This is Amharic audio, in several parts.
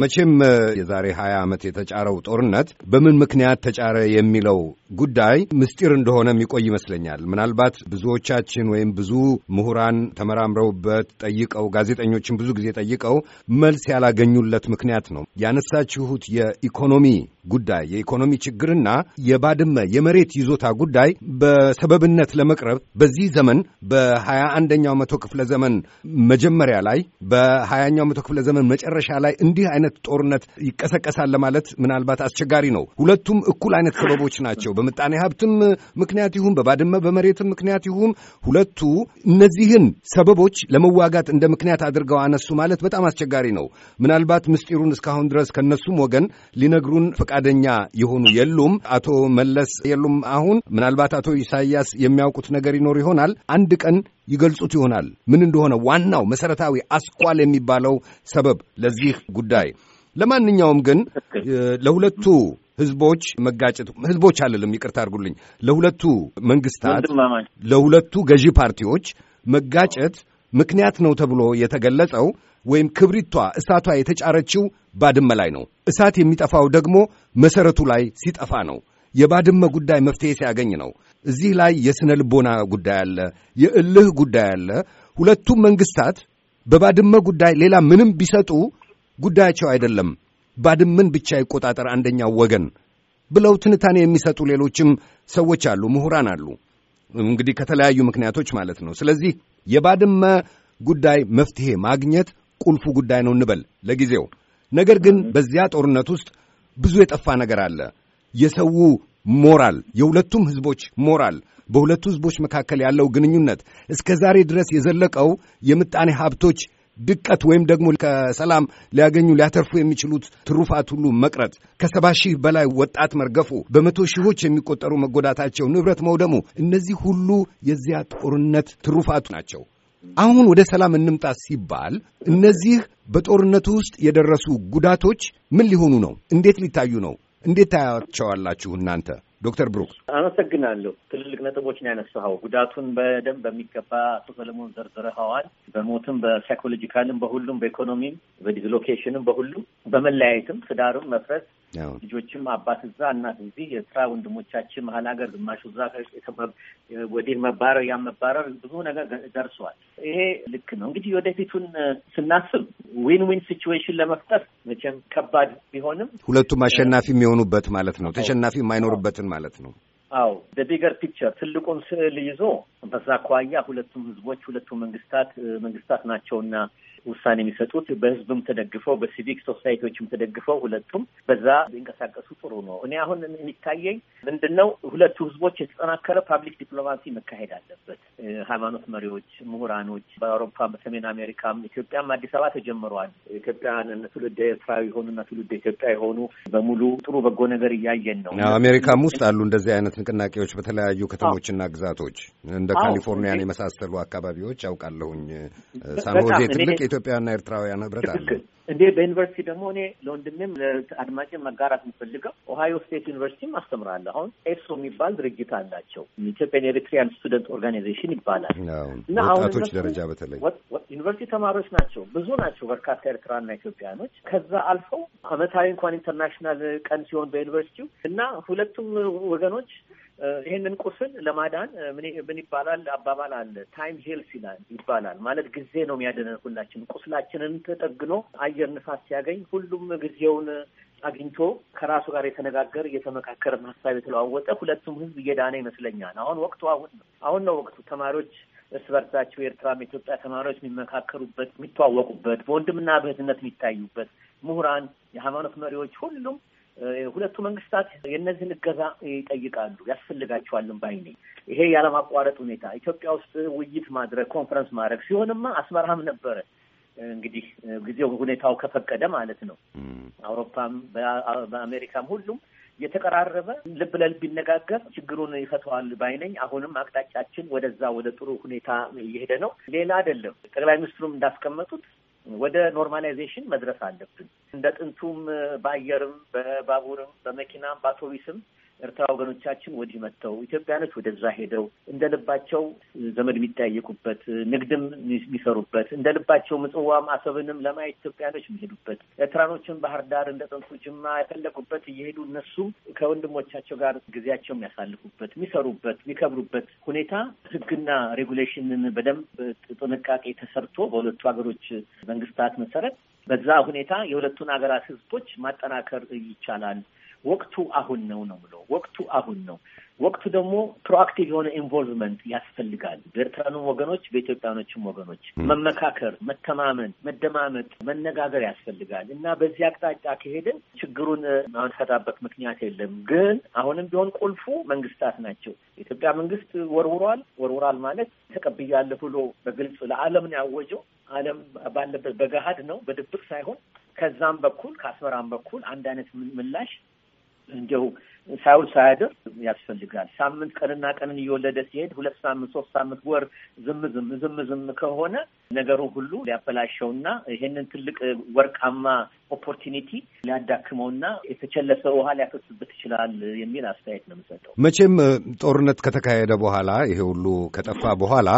መቼም የዛሬ ሀያ ዓመት የተጫረው ጦርነት በምን ምክንያት ተጫረ የሚለው ጉዳይ ምስጢር እንደሆነ የሚቆይ ይመስለኛል። ምናልባት ብዙዎቻችን ወይም ብዙ ምሁራን ተመራምረውበት ጠይቀው፣ ጋዜጠኞችን ብዙ ጊዜ ጠይቀው መልስ ያላገኙለት ምክንያት ነው ያነሳችሁት የኢኮኖሚ ጉዳይ የኢኮኖሚ ችግርና የባድመ የመሬት ይዞታ ጉዳይ በሰበብነት ለመቅረብ በዚህ ዘመን በሀያ አንደኛው መቶ ክፍለ ዘመን መጀመሪያ ላይ በሀያኛው መቶ ክፍለ ዘመን መጨረሻ ላይ እንዲህ አይነት ጦርነት ይቀሰቀሳል ለማለት ምናልባት አስቸጋሪ ነው። ሁለቱም እኩል አይነት ሰበቦች ናቸው። በምጣኔ ሀብትም ምክንያት ይሁን በባድመ በመሬትም ምክንያት ይሁን ሁለቱ እነዚህን ሰበቦች ለመዋጋት እንደ ምክንያት አድርገው አነሱ ማለት በጣም አስቸጋሪ ነው። ምናልባት ምስጢሩን እስካሁን ድረስ ከነሱም ወገን ሊነግሩን ፈቃደኛ የሆኑ የሉም። አቶ መለስ የሉም። አሁን ምናልባት አቶ ኢሳያስ የሚያውቁት ነገር ይኖር ይሆናል። አንድ ቀን ይገልጹት ይሆናል ምን እንደሆነ ዋናው መሰረታዊ አስኳል የሚባለው ሰበብ ለዚህ ጉዳይ ለማንኛውም ግን ለሁለቱ ህዝቦች መጋጨቱ ህዝቦች አልልም፣ ይቅርታ አድርጉልኝ፣ ለሁለቱ መንግስታት፣ ለሁለቱ ገዢ ፓርቲዎች መጋጨት ምክንያት ነው ተብሎ የተገለጸው ወይም ክብሪቷ እሳቷ የተጫረችው ባድመ ላይ ነው። እሳት የሚጠፋው ደግሞ መሰረቱ ላይ ሲጠፋ ነው። የባድመ ጉዳይ መፍትሄ ሲያገኝ ነው። እዚህ ላይ የሥነ ልቦና ጉዳይ አለ፣ የእልህ ጉዳይ አለ። ሁለቱም መንግስታት በባድመ ጉዳይ ሌላ ምንም ቢሰጡ ጉዳያቸው አይደለም። ባድመን ብቻ ይቆጣጠር አንደኛው ወገን ብለው ትንታኔ የሚሰጡ ሌሎችም ሰዎች አሉ፣ ምሁራን አሉ። እንግዲህ ከተለያዩ ምክንያቶች ማለት ነው። ስለዚህ የባድመ ጉዳይ መፍትሄ ማግኘት ቁልፉ ጉዳይ ነው እንበል ለጊዜው። ነገር ግን በዚያ ጦርነት ውስጥ ብዙ የጠፋ ነገር አለ። የሰው ሞራል፣ የሁለቱም ህዝቦች ሞራል፣ በሁለቱ ህዝቦች መካከል ያለው ግንኙነት እስከ ዛሬ ድረስ የዘለቀው የምጣኔ ሀብቶች ድቀት ወይም ደግሞ ከሰላም ሊያገኙ ሊያተርፉ የሚችሉት ትሩፋት ሁሉ መቅረት፣ ከሰባ ሺህ በላይ ወጣት መርገፉ፣ በመቶ ሺዎች የሚቆጠሩ መጎዳታቸው፣ ንብረት መውደሙ፣ እነዚህ ሁሉ የዚያ ጦርነት ትሩፋቱ ናቸው። አሁን ወደ ሰላም እንምጣ ሲባል እነዚህ በጦርነቱ ውስጥ የደረሱ ጉዳቶች ምን ሊሆኑ ነው? እንዴት ሊታዩ ነው? እንዴት ታያቸዋላችሁ እናንተ? ዶክተር ብሩክ አመሰግናለሁ። ትልልቅ ነጥቦችን ያነሳኸው ጉዳቱን በደንብ በሚገባ አቶ ሰለሞን ዘርዝረኸዋል። በሞትም፣ በሳይኮሎጂካልም፣ በሁሉም በኢኮኖሚም፣ በዲስሎኬሽንም፣ በሁሉም በመለያየትም፣ ትዳርም መፍረስ፣ ልጆችም አባት እዛ እናት እዚህ፣ የስራ ወንድሞቻችን መሀል ሀገር ግማሹ እዛ ወዲህ መባረር ያን መባረር ብዙ ነገር ደርሷል። ይሄ ልክ ነው። እንግዲህ ወደፊቱን ስናስብ ዊን ዊን ሲችዌሽን ለመፍጠር መቼም ከባድ ቢሆንም ሁለቱም አሸናፊ የሚሆኑበት ማለት ነው ተሸናፊ የማይኖርበትን ማለት ነው። አዎ በቢገር ፒክቸር ትልቁን ስዕል ይዞ በዛ አኳያ ሁለቱም ህዝቦች ሁለቱም መንግስታት መንግስታት ናቸውና ውሳኔ የሚሰጡት በህዝብም ተደግፈው በሲቪክ ሶሳይቲዎችም ተደግፈው ሁለቱም በዛ ሊንቀሳቀሱ ጥሩ ነው። እኔ አሁን የሚታየኝ ምንድን ነው ሁለቱ ህዝቦች የተጠናከረ ፓብሊክ ዲፕሎማሲ መካሄድ አለበት። ሃይማኖት መሪዎች፣ ምሁራኖች በአውሮፓ በሰሜን አሜሪካም ኢትዮጵያም አዲስ አበባ ተጀምረዋል። ኢትዮጵያን ትውልደ ኤርትራዊ የሆኑ እና ትውልደ ኢትዮጵያ የሆኑ በሙሉ ጥሩ በጎ ነገር እያየን ነው። አሜሪካም ውስጥ አሉ እንደዚህ አይነት ንቅናቄዎች በተለያዩ ከተሞችና ግዛቶች እንደ ካሊፎርኒያን የመሳሰሉ አካባቢዎች ያውቃለሁኝ። ሳንሆዜ ትልቅ የኢትዮጵያና ኤርትራውያን ህብረት አለ። እንዴ በዩኒቨርሲቲ ደግሞ እኔ ለወንድሜም ለአድማጭ መጋራት የምፈልገው ኦሃዮ ስቴት ዩኒቨርሲቲም አስተምራለሁ። አሁን ኤሶ የሚባል ድርጅት አላቸው። ኢትዮጵያን ኤሪትሪያን ስቱደንት ኦርጋናይዜሽን ይባላል እና ወጣቶች ደረጃ በተለይ ዩኒቨርሲቲ ተማሪዎች ናቸው፣ ብዙ ናቸው፣ በርካታ ኤርትራና ኢትዮጵያኖች። ከዛ አልፈው አመታዊ እንኳን ኢንተርናሽናል ቀን ሲሆን በዩኒቨርሲቲው እና ሁለቱም ወገኖች ይህንን ቁስል ለማዳን ምን ይባላል? አባባል አለ። ታይም ሄልስ ይባላል ማለት ጊዜ ነው የሚያድነን። ሁላችን ቁስላችንን ተጠግኖ አየር ንፋስ ሲያገኝ ሁሉም ጊዜውን አግኝቶ ከራሱ ጋር የተነጋገር እየተመካከረ ሀሳብ የተለዋወጠ ሁለቱም ህዝብ እየዳነ ይመስለኛል። አሁን ወቅቱ አሁን ነው አሁን ነው ወቅቱ ተማሪዎች እርስ በርሳቸው የኤርትራም የኢትዮጵያ ተማሪዎች የሚመካከሩበት፣ የሚተዋወቁበት፣ በወንድምና በእህትነት የሚታዩበት ምሁራን፣ የሃይማኖት መሪዎች ሁሉም ሁለቱ መንግስታት የእነዚህን እገዛ ይጠይቃሉ፣ ያስፈልጋቸዋልም ባይ ነኝ። ይሄ ያለማቋረጥ ሁኔታ ኢትዮጵያ ውስጥ ውይይት ማድረግ ኮንፈረንስ ማድረግ ሲሆንማ አስመራም ነበረ እንግዲህ ጊዜው ሁኔታው ከፈቀደ ማለት ነው። አውሮፓም በአሜሪካም ሁሉም የተቀራረበ ልብ ለልብ ይነጋገር ችግሩን ይፈተዋል ባይነኝ። አሁንም አቅጣጫችን ወደዛ ወደ ጥሩ ሁኔታ እየሄደ ነው። ሌላ አይደለም። ጠቅላይ ሚኒስትሩም እንዳስቀመጡት ወደ ኖርማላይዜሽን መድረስ አለብን። እንደ ጥንቱም በአየርም፣ በባቡርም፣ በመኪናም፣ በአውቶቢስም ኤርትራ ወገኖቻችን ወዲህ መጥተው ኢትዮጵያኖች ወደዛ ሄደው እንደ ልባቸው ዘመድ የሚጠያየቁበት ንግድም የሚሰሩበት እንደ ልባቸው ምጽዋም አሰብንም ለማየት ኢትዮጵያኖች የሚሄዱበት ኤርትራኖችን ባህር ዳር እንደ ጥንቱ ጅማ የፈለጉበት እየሄዱ እነሱም ከወንድሞቻቸው ጋር ጊዜያቸው የሚያሳልፉበት የሚሰሩበት የሚከብሩበት ሁኔታ ህግና ሬጉሌሽንን በደንብ ጥንቃቄ ተሰርቶ በሁለቱ ሀገሮች መንግስታት መሰረት በዛ ሁኔታ የሁለቱን ሀገራት ህዝቦች ማጠናከር ይቻላል። ወቅቱ አሁን ነው ነው ብሎ ወቅቱ አሁን ነው። ወቅቱ ደግሞ ፕሮአክቲቭ የሆነ ኢንቮልቭመንት ያስፈልጋል። በኤርትራኑም ወገኖች በኢትዮጵያኖችም ወገኖች መመካከር፣ መተማመን፣ መደማመጥ፣ መነጋገር ያስፈልጋል እና በዚህ አቅጣጫ ከሄድን ችግሩን ማንፈታበት ምክንያት የለም። ግን አሁንም ቢሆን ቁልፉ መንግስታት ናቸው። የኢትዮጵያ መንግስት ወርውሯል። ወርውሯል ማለት ተቀብያለሁ ብሎ በግልጽ ለዓለም ነው ያወጀው። ዓለም ባለበት በገሀድ ነው በድብቅ ሳይሆን ከዛም በኩል ከአስመራም በኩል አንድ አይነት ምላሽ እንደው ሳይውል ሳያድር ያስፈልጋል። ሳምንት ቀንና ቀንን እየወለደ ሲሄድ ሁለት ሳምንት፣ ሶስት ሳምንት፣ ወር ዝም ዝም ዝም ዝም ከሆነ ነገሩን ሁሉ ሊያበላሸውና ይሄንን ትልቅ ወርቃማ ኦፖርቹኒቲ ሊያዳክመውና የተቸለሰ ውሃ ሊያፈስበት ይችላል የሚል አስተያየት ነው የምሰጠው። መቼም ጦርነት ከተካሄደ በኋላ ይሄ ሁሉ ከጠፋ በኋላ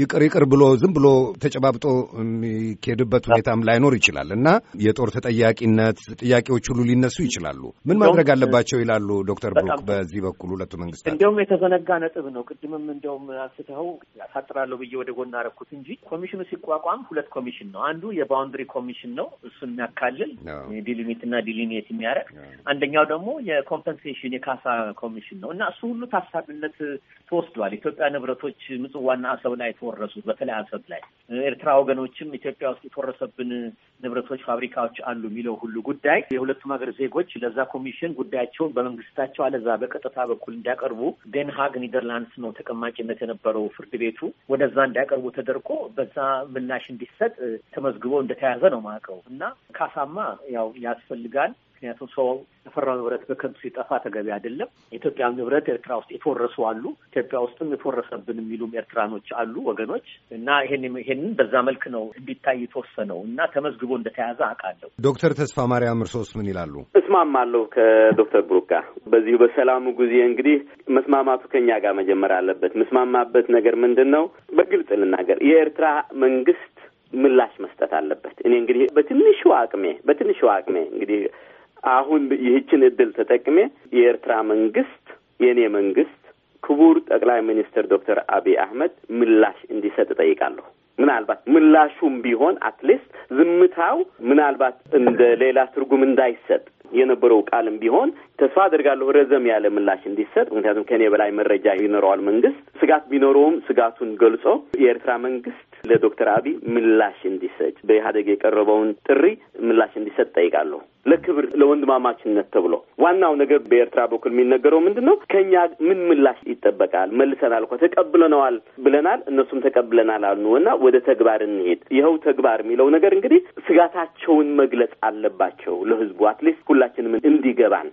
ይቅር ይቅር ብሎ ዝም ብሎ ተጨባብጦ የሚኬድበት ሁኔታም ላይኖር ይችላል እና የጦር ተጠያቂነት ጥያቄዎች ሁሉ ሊነሱ ይችላሉ። ምን ማድረግ አለባቸው ይላሉ ዶክተር ብሩክ? በዚህ በኩል ሁለቱ መንግስታት እንዲሁም የተዘነጋ ነጥብ ነው። ቅድምም እንዲሁም አንስተኸው ያሳጥራለሁ ብዬ ወደ ጎን አረኩት እንጂ ኮሚሽኑ ሲቋቋም ሁለት ኮሚሽን ነው። አንዱ የባውንድሪ ኮሚሽን ነው፣ እሱን የሚያካልል ዲሊሚትና ዲሊሚት የሚያደርግ አንደኛው ደግሞ የኮምፐንሴሽን የካሳ ኮሚሽን ነው እና እሱ ሁሉ ታሳቢነት ተወስዷል። ኢትዮጵያ ንብረቶች ምጽዋና አሰብ ላይ የተወረሱት በተለይ አሰብ ላይ ኤርትራ ወገኖችም ኢትዮጵያ ውስጥ የተወረሰብን ንብረቶች፣ ፋብሪካዎች አሉ የሚለው ሁሉ ጉዳይ የሁለቱም ሀገር ዜጎች ለዛ ኮሚሽን ጉዳያቸውን በመንግስታቸው አለዛ በቀጥታ በኩል እንዲያቀርቡ ደንሃግ ኒደርላንድስ ነው ተቀማጭነት የነበረው ፍርድ ቤቱ ወደዛ እንዲያቀርቡ ተደርጎ በዛ ምላሽ እንዲሰጥ ተመዝግቦ እንደተያዘ ነው ማቀው እና ካሳማ ያው ያስፈልጋል። ምክንያቱም ሰው የፈራው ንብረት በከንቱ ሲጠፋ ተገቢ አይደለም። የኢትዮጵያ ንብረት ኤርትራ ውስጥ የተወረሱ አሉ። ኢትዮጵያ ውስጥም የፈወረሰብን የሚሉም ኤርትራኖች አሉ ወገኖች እና ይሄንን በዛ መልክ ነው እንዲታይ የተወሰነው እና ተመዝግቦ እንደተያዘ አውቃለሁ። ዶክተር ተስፋ ማርያም እርሶስ ምን ይላሉ? እስማማለሁ ከዶክተር ብሩክ ጋር በዚሁ በሰላሙ ጊዜ እንግዲህ መስማማቱ ከኛ ጋር መጀመር አለበት። መስማማበት ነገር ምንድን ነው? በግልጽ ልናገር የኤርትራ መንግስት ምላሽ መስጠት አለበት። እኔ እንግዲህ በትንሹ አቅሜ በትንሹ አቅሜ እንግዲህ አሁን ይህችን እድል ተጠቅሜ የኤርትራ መንግስት የእኔ መንግስት ክቡር ጠቅላይ ሚኒስትር ዶክተር አብይ አህመድ ምላሽ እንዲሰጥ እጠይቃለሁ። ምናልባት ምላሹም ቢሆን አትሊስት ዝምታው ምናልባት እንደ ሌላ ትርጉም እንዳይሰጥ የነበረው ቃልም ቢሆን ተስፋ አድርጋለሁ ረዘም ያለ ምላሽ እንዲሰጥ። ምክንያቱም ከእኔ በላይ መረጃ ይኖረዋል መንግስት። ስጋት ቢኖረውም ስጋቱን ገልጾ የኤርትራ መንግስት ለዶክተር አብይ ምላሽ እንዲሰጥ በኢህአዴግ የቀረበውን ጥሪ ምላሽ እንዲሰጥ ጠይቃለሁ። ለክብር ለወንድማማችነት ተብሎ ዋናው ነገር በኤርትራ በኩል የሚነገረው ምንድን ነው? ከኛ ምን ምላሽ ይጠበቃል? መልሰናል እኮ ተቀብለነዋል ብለናል፣ እነሱም ተቀብለናል አሉ እና ወደ ተግባር እንሄድ። ይኸው ተግባር የሚለው ነገር እንግዲህ ስጋታቸውን መግለጽ አለባቸው ለህዝቡ አትሊስት ሁላችንም እንዲገባን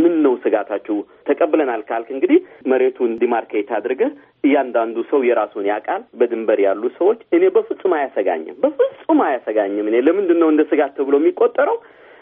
ምን ነው ስጋታችሁ? ተቀብለናል ካልክ እንግዲህ መሬቱን ዲማርኬት አድርገህ እያንዳንዱ ሰው የራሱን ያውቃል። በድንበር ያሉ ሰዎች እኔ በፍጹም አያሰጋኝም፣ በፍጹም አያሰጋኝም። እኔ ለምንድን ነው እንደ ስጋት ተብሎ የሚቆጠረው?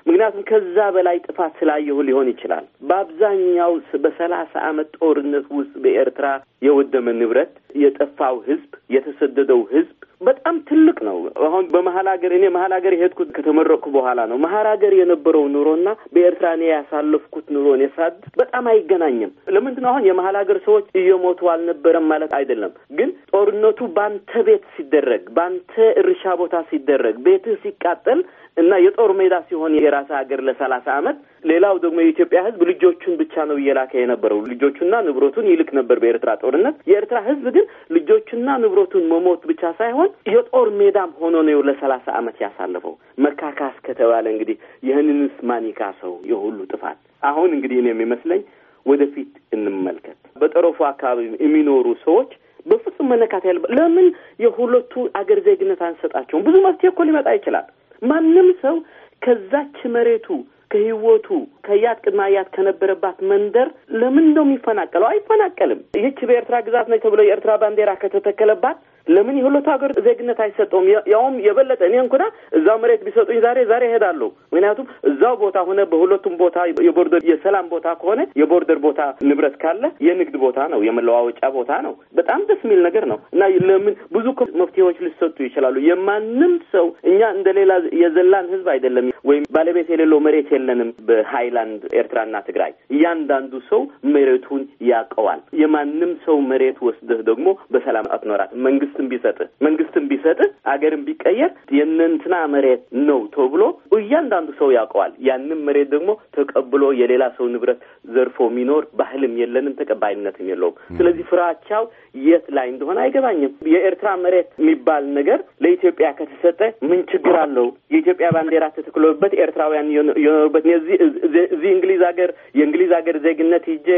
ምክንያቱም ከዛ በላይ ጥፋት ስላየሁ ሊሆን ይችላል። በአብዛኛው በሰላሳ አመት ጦርነት ውስጥ በኤርትራ የወደመ ንብረት፣ የጠፋው ህዝብ የተሰደደው ህዝብ በጣም ትልቅ ነው። አሁን በመሀል ሀገር እኔ መሀል ሀገር የሄድኩት ከተመረቅኩ በኋላ ነው። መሀል ሀገር የነበረው ኑሮና በኤርትራ እኔ ያሳለፍኩት ኑሮ እኔ ሳድ በጣም አይገናኝም። ለምንድን ነው አሁን የመሀል ሀገር ሰዎች እየሞቱ አልነበረም ማለት አይደለም፣ ግን ጦርነቱ ባንተ ቤት ሲደረግ፣ ባንተ እርሻ ቦታ ሲደረግ፣ ቤትህ ሲቃጠል እና የጦር ሜዳ ሲሆን የራስ ሀገር ለሰላሳ አመት ሌላው ደግሞ የኢትዮጵያ ህዝብ ልጆቹን ብቻ ነው እየላከ የነበረው ልጆቹና ንብረቱን ይልክ ነበር በኤርትራ ጦርነት። የኤርትራ ህዝብ ግን ልጆቹና ንብረቱን መሞት ብቻ ሳይሆን የጦር ሜዳም ሆኖ ነው ለሰላሳ አመት ያሳለፈው። መካካስ ከተባለ እንግዲህ ይህንንስ ማን ይካሰው? የሁሉ ጥፋት አሁን እንግዲህ እኔ የሚመስለኝ ወደፊት እንመልከት። በጠረፉ አካባቢ የሚኖሩ ሰዎች በፍጹም መነካት ያለበት ለምን የሁለቱ አገር ዜግነት አንሰጣቸውም? ብዙ መፍትሄ እኮ ሊመጣ ይችላል። ማንም ሰው ከዛች መሬቱ ከህይወቱ ከያት ቅድማ አያት ከነበረባት መንደር ለምን ነው የሚፈናቀለው? አይፈናቀልም። ይህች በኤርትራ ግዛት ነች ተብሎ የኤርትራ ባንዲራ ከተተከለባት ለምን የሁለቱ ሀገር ዜግነት አይሰጠውም? ያውም የበለጠ እኔ እንኳን እዛ መሬት ቢሰጡኝ ዛሬ ዛሬ እሄዳለሁ። ምክንያቱም እዛው ቦታ ሆነ በሁለቱም ቦታ የቦርደር የሰላም ቦታ ከሆነ የቦርደር ቦታ ንብረት ካለ የንግድ ቦታ ነው፣ የመለዋወጫ ቦታ ነው። በጣም ደስ የሚል ነገር ነው እና ለምን ብዙ መፍትሄዎች ሊሰጡ ይችላሉ። የማንም ሰው እኛ እንደሌላ የዘላን ህዝብ አይደለም። ወይም ባለቤት የሌለው መሬት የለንም። በሀይላንድ ኤርትራና ትግራይ እያንዳንዱ ሰው መሬቱን ያውቀዋል። የማንም ሰው መሬት ወስደህ ደግሞ በሰላም አትኖራት። መንግስትም ቢሰጥህ መንግስትም ቢሰጥህ አገርም ቢቀየር የእነንትና መሬት ነው ተብሎ እያንዳንዱ ሰው ያውቀዋል። ያንም መሬት ደግሞ ተቀብሎ የሌላ ሰው ንብረት ዘርፎ የሚኖር ባህልም የለንም፣ ተቀባይነትም የለውም። ስለዚህ ፍራቻው የት ላይ እንደሆነ አይገባኝም። የኤርትራ መሬት የሚባል ነገር ለኢትዮጵያ ከተሰጠ ምን ችግር አለው? የኢትዮጵያ ባንዲራ ተተክሎ የኖሩበት ኤርትራውያን የኖሩበት እዚህ እንግሊዝ ሀገር የእንግሊዝ ሀገር ዜግነት ይዤ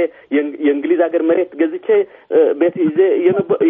የእንግሊዝ ሀገር መሬት ገዝቼ ቤት ይዤ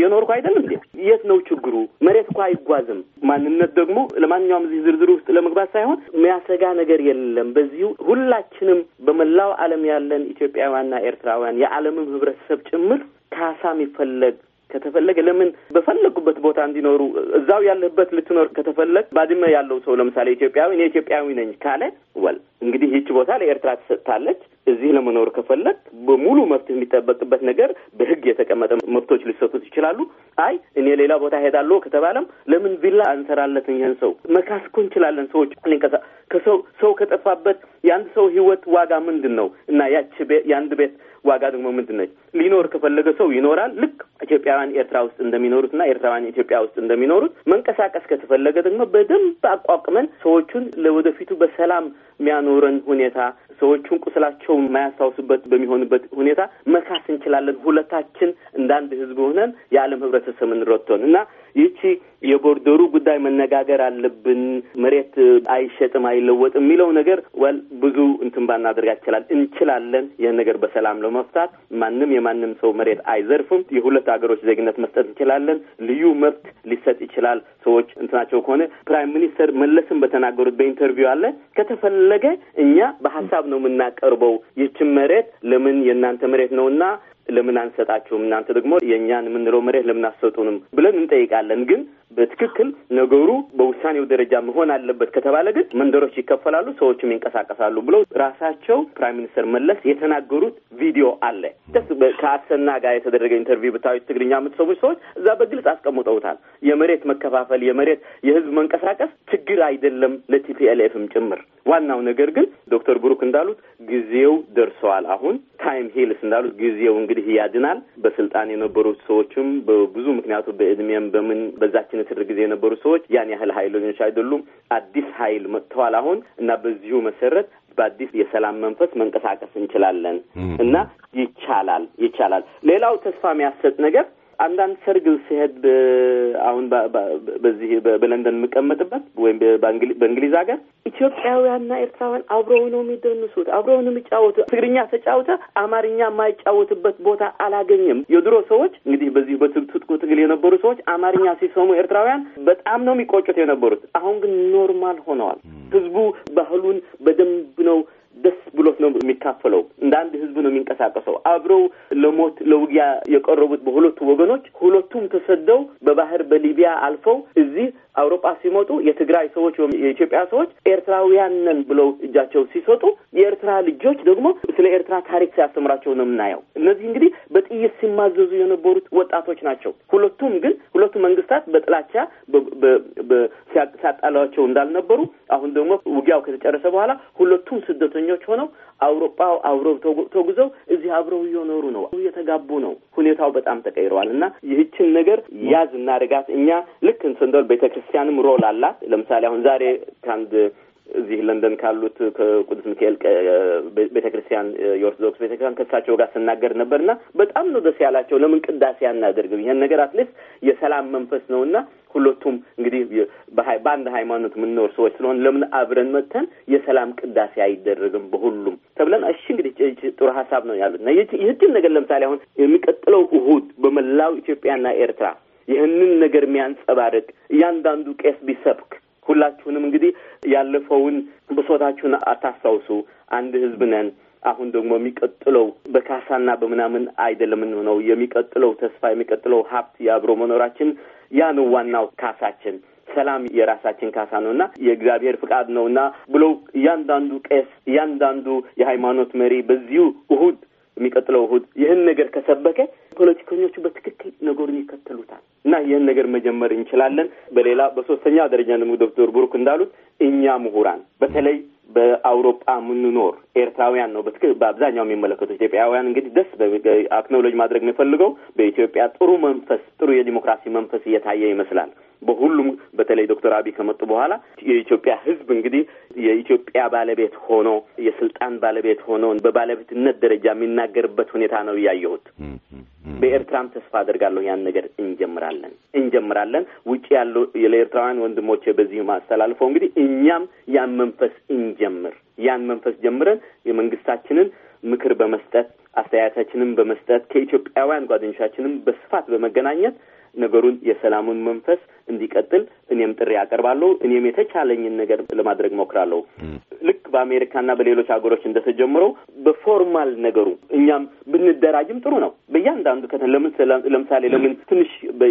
የኖርኩ አይደለም እንዴ? የት ነው ችግሩ? መሬት እኮ አይጓዝም። ማንነት ደግሞ ለማንኛውም እዚህ ዝርዝር ውስጥ ለመግባት ሳይሆን የሚያሰጋ ነገር የለም። በዚሁ ሁላችንም በመላው ዓለም ያለን ኢትዮጵያውያንና ኤርትራውያን የዓለምም ህብረተሰብ ጭምር ካሳ የሚፈለግ ከተፈለገ ለምን በፈለጉበት ቦታ እንዲኖሩ እዛው ያለበት ልትኖር ከተፈለግ ባድመ ያለው ሰው ለምሳሌ ኢትዮጵያዊ እኔ ኢትዮጵያዊ ነኝ ካለ ወል እንግዲህ ይቺ ቦታ ለኤርትራ ትሰጥታለች። እዚህ ለመኖር ከፈለግ በሙሉ መብትህ የሚጠበቅበት ነገር በህግ የተቀመጠ መብቶች ሊሰጡት ይችላሉ። አይ እኔ ሌላ ቦታ ሄዳለሁ ከተባለም ለምን ቪላ አንሰራለትን? ይህን ሰው መካስ እኮ እንችላለን። ሰዎች ከሰው ሰው ከጠፋበት የአንድ ሰው ህይወት ዋጋ ምንድን ነው እና ያቺ የአንድ ቤት ዋጋ ደግሞ ምንድን ነች? ሊኖር ከፈለገ ሰው ይኖራል። ልክ ኢትዮጵያውያን ኤርትራ ውስጥ እንደሚኖሩትና ኤርትራውያን ኢትዮጵያ ውስጥ እንደሚኖሩት መንቀሳቀስ ከተፈለገ ደግሞ በደንብ አቋቁመን ሰዎቹን ለወደፊቱ በሰላም የሚያኖረን ሁኔታ ሰዎቹን ቁስላቸውን የማያስታውሱበት በሚሆንበት ሁኔታ መካስ እንችላለን። ሁለታችን እንዳንድ ህዝብ ሆነን የዓለም ህብረተሰብ እንረቶን እና ይቺ የቦርደሩ ጉዳይ መነጋገር አለብን። መሬት አይሸጥም አይለወጥም የሚለው ነገር ወል ብዙ እንትን ባናደርጋ ይችላል እንችላለን። ይህን ነገር በሰላም ለመፍታት ማንም የማንም ሰው መሬት አይዘርፍም። የሁለት ሀገሮች ዜግነት መስጠት እንችላለን። ልዩ መብት ሊሰጥ ይችላል። ሰዎች እንትናቸው ከሆነ ፕራይም ሚኒስተር መለስም በተናገሩት በኢንተርቪው አለ ከተፈለገ እኛ በሀሳብ ነው የምናቀርበው ይችን መሬት ለምን የእናንተ መሬት ነውና ለምን አንሰጣቸውም? እናንተ ደግሞ የእኛን የምንለው መሬት ለምን አሰጡንም ብለን እንጠይቃለን። ግን በትክክል ነገሩ በውሳኔው ደረጃ መሆን አለበት ከተባለ ግን መንደሮች ይከፈላሉ፣ ሰዎችም ይንቀሳቀሳሉ ብለው ራሳቸው ፕራይም ሚኒስተር መለስ የተናገሩት ቪዲዮ አለ። ደስ ከአሰና ጋር የተደረገ ኢንተርቪው ብታዩት፣ ትግርኛ የምትሰሙ ሰዎች እዛ በግልጽ አስቀምጠውታል። የመሬት መከፋፈል፣ የመሬት የህዝብ መንቀሳቀስ ችግር አይደለም ለቲፒኤልኤፍም ጭምር ዋናው ነገር ግን ዶክተር ብሩክ እንዳሉት ጊዜው ደርሰዋል። አሁን ታይም ሂልስ እንዳሉት ጊዜው እንግዲህ ያድናል። በስልጣን የነበሩት ሰዎችም በብዙ ምክንያቱ በእድሜም በምን በዛችን ትር ጊዜ የነበሩ ሰዎች ያን ያህል ሀይለኞች አይደሉም። አዲስ ሀይል መጥተዋል አሁን እና በዚሁ መሰረት በአዲስ የሰላም መንፈስ መንቀሳቀስ እንችላለን እና ይቻላል ይቻላል። ሌላው ተስፋ የሚያሰጥ ነገር አንዳንድ ሰርግ ሲሄድ አሁን በዚህ በለንደን የምቀመጥበት ወይም በእንግሊዝ ሀገር ኢትዮጵያውያንና ኤርትራውያን አብረው ነው የሚደንሱት፣ አብረው ነው የሚጫወቱ። ትግርኛ ተጫውተ አማርኛ የማይጫወትበት ቦታ አላገኘም። የድሮ ሰዎች እንግዲህ በዚህ በትጥቁ ትግል የነበሩ ሰዎች አማርኛ ሲሰሙ ኤርትራውያን በጣም ነው የሚቆጩት የነበሩት። አሁን ግን ኖርማል ሆነዋል። ህዝቡ ባህሉን በደንብ ነው የሚካፈለው እንደ አንድ ህዝብ ነው የሚንቀሳቀሰው። አብረው ለሞት ለውጊያ የቀረቡት በሁለቱ ወገኖች ሁለቱም ተሰደው በባህር በሊቢያ አልፈው እዚህ አውሮፓ ሲመጡ የትግራይ ሰዎች ወይም የኢትዮጵያ ሰዎች ኤርትራውያን ነን ብለው እጃቸው ሲሰጡ የኤርትራ ልጆች ደግሞ ስለ ኤርትራ ታሪክ ሲያስተምራቸው ነው የምናየው። እነዚህ እንግዲህ በጥይት ሲማዘዙ የነበሩት ወጣቶች ናቸው። ሁለቱም ግን ሁለቱ መንግስታት በጥላቻ ሲያጣላቸው እንዳልነበሩ አሁን ደግሞ ውጊያው ከተጨረሰ በኋላ ሁለቱም ስደተኞች ሆነው አውሮፓ አብረው ተጉዘው እዚህ አብረው እየኖሩ ነው፣ እየተጋቡ ነው። ሁኔታው በጣም ተቀይረዋል እና ይህችን ነገር ያዝ እናደርጋት እኛ ልክ እንስንደል ቤተ ክርስቲያንም ሮል አላት። ለምሳሌ አሁን ዛሬ ከአንድ እዚህ ለንደን ካሉት ከቅዱስ ሚካኤል ቤተ ክርስቲያን የኦርቶዶክስ ቤተ ክርስቲያን ከሳቸው ጋር ስናገር ነበርና በጣም ነው ደስ ያላቸው። ለምን ቅዳሴ አናደርግም? ይህን ነገር አትሊስት የሰላም መንፈስ ነውና ሁለቱም እንግዲህ በአንድ ሃይማኖት የምንኖር ሰዎች ስለሆን ለምን አብረን መጥተን የሰላም ቅዳሴ አይደረግም በሁሉም ተብለን፣ እሺ እንግዲህ ጥሩ ሀሳብ ነው ያሉት። ይህችን ነገር ለምሳሌ አሁን የሚቀጥለው እሁድ በመላው ኢትዮጵያና ኤርትራ ይህንን ነገር የሚያንጸባርቅ እያንዳንዱ ቄስ ቢሰብክ ሁላችሁንም እንግዲህ ያለፈውን ብሶታችሁን አታስታውሱ። አንድ ህዝብ ነን። አሁን ደግሞ የሚቀጥለው በካሳና በምናምን አይደለም ነው የሚቀጥለው ተስፋ፣ የሚቀጥለው ሀብት የአብሮ መኖራችን ያ ነው ዋናው ካሳችን። ሰላም የራሳችን ካሳ ነው እና የእግዚአብሔር ፍቃድ ነው እና ብለው እያንዳንዱ ቄስ፣ እያንዳንዱ የሃይማኖት መሪ በዚሁ እሁድ የሚቀጥለው እሁድ ይህን ነገር ከሰበከ ፖለቲከኞቹ በትክክል ነገሩን ይከተሉታል እና ይህን ነገር መጀመር እንችላለን። በሌላ በሶስተኛ ደረጃ ደግሞ ዶክተር ብሩክ እንዳሉት እኛ ምሁራን በተለይ በአውሮፓ የምንኖር ኤርትራውያን ነው በትክክል በአብዛኛው የሚመለከቱ ኢትዮጵያውያን እንግዲህ ደስ አክኖሎጅ ማድረግ የሚፈልገው በኢትዮጵያ ጥሩ መንፈስ ጥሩ የዲሞክራሲ መንፈስ እየታየ ይመስላል። በሁሉም በተለይ ዶክተር አብይ ከመጡ በኋላ የኢትዮጵያ ሕዝብ እንግዲህ የኢትዮጵያ ባለቤት ሆኖ የስልጣን ባለቤት ሆኖ በባለቤትነት ደረጃ የሚናገርበት ሁኔታ ነው እያየሁት በኤርትራም ተስፋ አደርጋለሁ ያን ነገር እንጀምራለን እንጀምራለን። ውጭ ያለው ለኤርትራውያን ወንድሞች በዚህ ማስተላልፈው እንግዲህ እኛም ያን መንፈስ እንጀምር። ያን መንፈስ ጀምረን የመንግስታችንን ምክር በመስጠት አስተያየታችንን በመስጠት ከኢትዮጵያውያን ጓደኞቻችንም በስፋት በመገናኘት ነገሩን የሰላሙን መንፈስ እንዲቀጥል እኔም ጥሪ ያቀርባለሁ። እኔም የተቻለኝን ነገር ለማድረግ ሞክራለሁ። ልክ በአሜሪካና በሌሎች ሀገሮች እንደተጀምረው በፎርማል ነገሩ እኛም ብንደራጅም ጥሩ ነው። በእያንዳንዱ ከተማ ለምሳሌ ለምን ትንሽ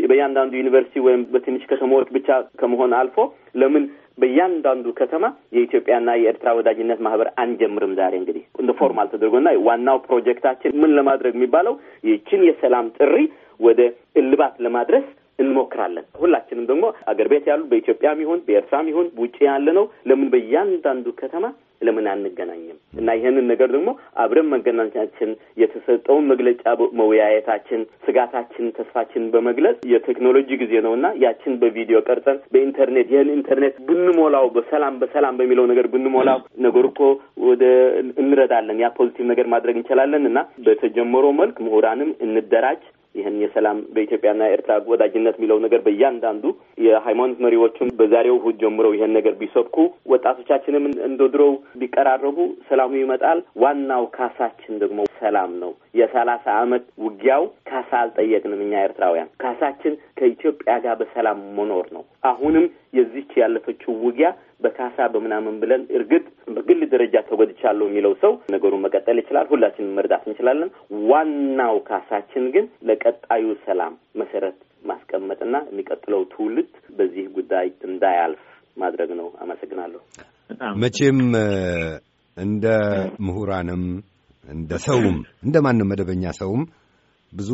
በእያንዳንዱ ዩኒቨርሲቲ ወይም በትንሽ ከተማዎች ብቻ ከመሆን አልፎ ለምን በእያንዳንዱ ከተማ የኢትዮጵያና የኤርትራ ወዳጅነት ማህበር አንጀምርም? ዛሬ እንግዲህ እንደ ፎርማል ተደርጎና ዋናው ፕሮጀክታችን ምን ለማድረግ የሚባለው ይችን የሰላም ጥሪ ወደ እልባት ለማድረስ እንሞክራለን። ሁላችንም ደግሞ አገር ቤት ያሉ በኢትዮጵያም ይሁን በኤርትራም ይሁን ውጭ ያለ ነው ለምን በእያንዳንዱ ከተማ ለምን አንገናኝም? እና ይህንን ነገር ደግሞ አብረን መገናኛችን የተሰጠውን መግለጫ መወያየታችን፣ ስጋታችን፣ ተስፋችን በመግለጽ የቴክኖሎጂ ጊዜ ነው እና ያችን በቪዲዮ ቀርጸን በኢንተርኔት ይህን ኢንተርኔት ብንሞላው በሰላም በሰላም በሚለው ነገር ብንሞላው ነገር እኮ ወደ እንረዳለን ያ ፖዚቲቭ ነገር ማድረግ እንችላለን እና በተጀመረው መልክ ምሁራንም እንደራጅ ይህን የሰላም በኢትዮጵያና ኤርትራ ወዳጅነት የሚለው ነገር በእያንዳንዱ የሃይማኖት መሪዎችም በዛሬው እሑድ ጀምረው ይህን ነገር ቢሰብኩ፣ ወጣቶቻችንም እንደ ድሮው ቢቀራረቡ ሰላሙ ይመጣል። ዋናው ካሳችን ደግሞ ሰላም ነው። የሰላሳ አመት ውጊያው ካሳ አልጠየቅንም። እኛ ኤርትራውያን ካሳችን ከኢትዮጵያ ጋር በሰላም መኖር ነው። አሁንም የዚች ያለፈችው ውጊያ በካሳ በምናምን ብለን እርግጥ በግል ደረጃ ተጎድቻለሁ የሚለው ሰው ነገሩን መቀጠል ይችላል። ሁላችንም መርዳት እንችላለን። ዋናው ካሳችን ግን ለቀጣዩ ሰላም መሰረት ማስቀመጥና የሚቀጥለው ትውልድ በዚህ ጉዳይ እንዳያልፍ ማድረግ ነው። አመሰግናለሁ። መቼም እንደ ምሁራንም እንደ ሰውም እንደ ማንም መደበኛ ሰውም ብዙ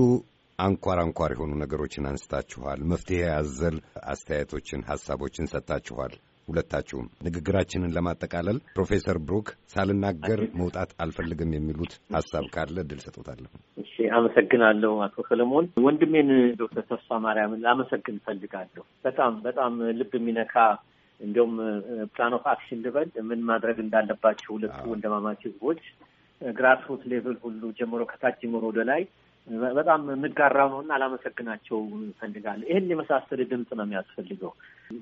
አንኳር አንኳር የሆኑ ነገሮችን አንስታችኋል። መፍትሄ ያዘል አስተያየቶችን፣ ሀሳቦችን ሰጥታችኋል። ሁለታችሁም ንግግራችንን ለማጠቃለል ፕሮፌሰር ብሩክ ሳልናገር መውጣት አልፈልግም የሚሉት ሀሳብ ካለ ድል ሰጦታለሁ እሺ፣ አመሰግናለሁ አቶ ሰለሞን። ወንድሜን ዶክተር ተስፋ ማርያምን ላመሰግን እፈልጋለሁ። በጣም በጣም ልብ የሚነካ እንዲሁም ፕላን ኦፍ አክሽን ልበል ምን ማድረግ እንዳለባቸው ሁለቱ ወንድማማች ህዝቦች ግራስሩት ሌቭል ሁሉ ጀምሮ ከታች ጀምሮ ወደ ላይ በጣም የምጋራው ነው እና ላመሰግናቸው እፈልጋለሁ። ይህን የመሳሰል ድምፅ ነው የሚያስፈልገው።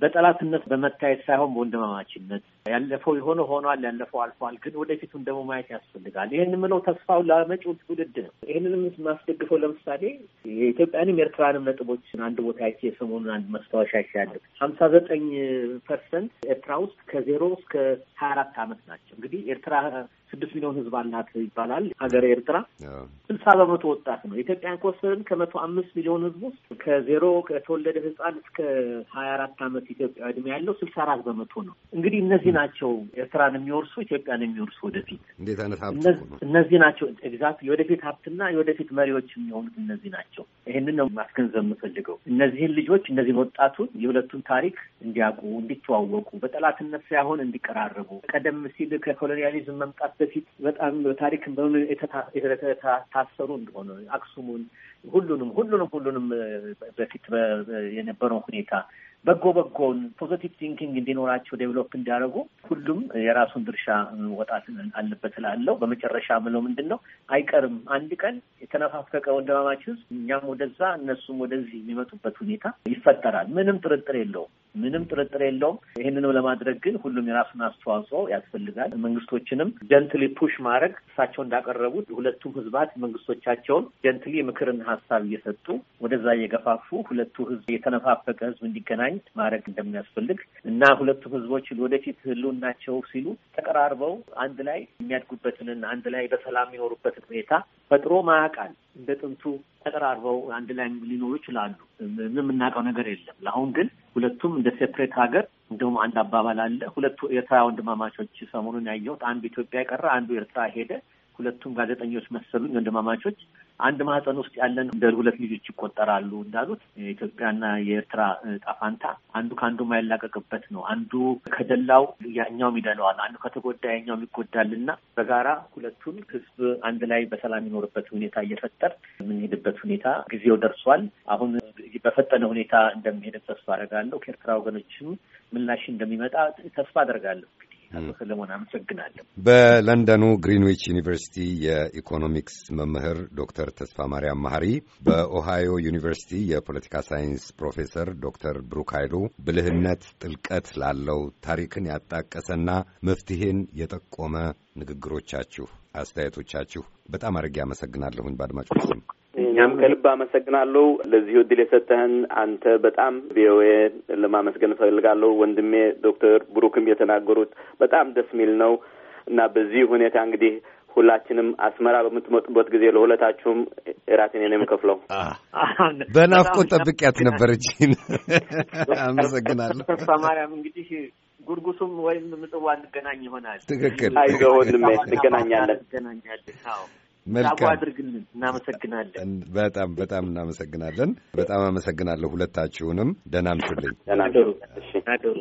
በጠላትነት በመታየት ሳይሆን በወንድማማችነት ያለፈው የሆነ ሆኗል፣ ያለፈው አልፏል፣ ግን ወደፊቱን ደግሞ ማየት ያስፈልጋል። ይህን የምለው ተስፋው ለመጪው ትውልድ ነው። ይህንንም ማስደግፈው ለምሳሌ የኢትዮጵያንም ኤርትራንም ነጥቦች አንድ ቦታ አይቼ የሰሞኑን አንድ መስታወሻ ይሻለ ሀምሳ ዘጠኝ ፐርሰንት ኤርትራ ውስጥ ከዜሮ እስከ ሀያ አራት ዓመት ናቸው እንግዲህ ኤርትራ ስድስት ሚሊዮን ህዝብ አላት ይባላል ሀገር ኤርትራ ስልሳ በመቶ ወጣት ነው። ኢትዮጵያን ከወሰድን ከመቶ አምስት ሚሊዮን ህዝብ ውስጥ ከዜሮ ከተወለደ ህፃን እስከ ሀያ አራት ዓመት ኢትዮጵያ እድሜ ያለው ስልሳ አራት በመቶ ነው። እንግዲህ እነዚህ ናቸው ኤርትራን የሚወርሱ ኢትዮጵያን የሚወርሱ ወደፊት እንዴት አይነት ሀብት እነዚህ ናቸው ኤግዛክት የወደፊት ሀብትና የወደፊት መሪዎች የሚሆኑት እነዚህ ናቸው። ይህንን ነው ማስገንዘብ የምፈልገው። እነዚህን ልጆች እነዚህን ወጣቱን የሁለቱን ታሪክ እንዲያውቁ፣ እንዲተዋወቁ በጠላትነት ሳይሆን እንዲቀራረቡ ቀደም ሲል ከኮሎኒያሊዝም መምጣት በፊት በጣም በታሪክ የተታሰሩ እንደሆነ አክሱሙን ሁሉንም ሁሉንም ሁሉንም በፊት የነበረው ሁኔታ በጎ በጎን ፖዘቲቭ ቲንኪንግ እንዲኖራቸው ዴቨሎፕ እንዲያደርጉ ሁሉም የራሱን ድርሻ ወጣት አለበት እላለሁ። በመጨረሻ ምለው ምንድን ነው አይቀርም አንድ ቀን የተነፋፈቀ ወንድማማች ህዝብ እኛም ወደዛ እነሱም ወደዚህ የሚመጡበት ሁኔታ ይፈጠራል። ምንም ጥርጥር የለውም። ምንም ጥርጥር የለውም። ይህንንም ለማድረግ ግን ሁሉም የራሱን አስተዋጽኦ ያስፈልጋል። መንግስቶችንም ጀንትሊ ፑሽ ማድረግ እሳቸው እንዳቀረቡት ሁለቱም ህዝባት መንግስቶቻቸውን ጀንትሊ ምክርና ሀሳብ እየሰጡ ወደዛ እየገፋፉ ሁለቱ ህዝብ የተነፋፈቀ ህዝብ እንዲገናኝ ኢንቫይት ማድረግ እንደሚያስፈልግ እና ሁለቱም ህዝቦች ወደፊት ህልውናቸው ሲሉ ተቀራርበው አንድ ላይ የሚያድጉበትንን አንድ ላይ በሰላም የሚኖሩበትን ሁኔታ ፈጥሮ ማያውቃል። እንደ ጥንቱ ተቀራርበው አንድ ላይ ሊኖሩ ይችላሉ። ምን የምናውቀው ነገር የለም። ለአሁን ግን ሁለቱም እንደ ሴፕሬት ሀገር እንዲሁም አንድ አባባል አለ። ሁለቱ ኤርትራ ወንድማማቾች ሰሞኑን ያየሁት አንዱ ኢትዮጵያ የቀረ አንዱ ኤርትራ ሄደ። ሁለቱም ጋዜጠኞች መሰሉኝ ወንድማማቾች አንድ ማህፀን ውስጥ ያለን እንደ ሁለት ልጆች ይቆጠራሉ እንዳሉት የኢትዮጵያና የኤርትራ ጣፋንታ አንዱ ከአንዱ የማይላቀቅበት ነው። አንዱ ከደላው ያኛውም ይደለዋል፣ አንዱ ከተጎዳ ያኛውም ይጎዳል በጋራ ሁለቱን ህዝብ አንድ ላይ በሰላም ይኖርበት ሁኔታ እየፈጠር የምንሄድበት ሁኔታ ጊዜው ደርሷል። አሁን በፈጠነ ሁኔታ እንደሚሄድ ተስፋ አደርጋለሁ። ከኤርትራ ወገኖችም ምላሽ እንደሚመጣ ተስፋ አደርጋለሁ። አቶ ሰለሞን አመሰግናለሁ። በለንደኑ ግሪንዊች ዩኒቨርሲቲ የኢኮኖሚክስ መምህር ዶክተር ተስፋ ማርያም መሐሪ፣ በኦሃዮ ዩኒቨርሲቲ የፖለቲካ ሳይንስ ፕሮፌሰር ዶክተር ብሩክ ኃይሉ ብልህነት ጥልቀት ላለው ታሪክን ያጣቀሰና መፍትሄን የጠቆመ ንግግሮቻችሁ፣ አስተያየቶቻችሁ በጣም አድርጌ አመሰግናለሁኝ በአድማጮች ስም። እኛም ከልብ አመሰግናለሁ ለዚሁ እድል የሰጠህን አንተ በጣም ቪኦኤ ለማመስገን እፈልጋለሁ። ወንድሜ ዶክተር ብሩክም የተናገሩት በጣም ደስ የሚል ነው እና በዚህ ሁኔታ እንግዲህ ሁላችንም አስመራ በምትመጡበት ጊዜ ለሁለታችሁም እራቴን ነው የምከፍለው። በናፍቆት ጠብቂያት ነበረችን። አመሰግናለሁ። ማርያም እንግዲህ ጉርጉሱም ወይም ምጽዋ እንገናኝ ይሆናል። ትክክል። አይዞህ ወንድሜ እንገናኛለን። መልካም አድርግልን። እናመሰግናለን። በጣም በጣም እናመሰግናለን። በጣም አመሰግናለሁ ሁለታችሁንም። ደህና አምሹልኝ። ደህና ደሩ።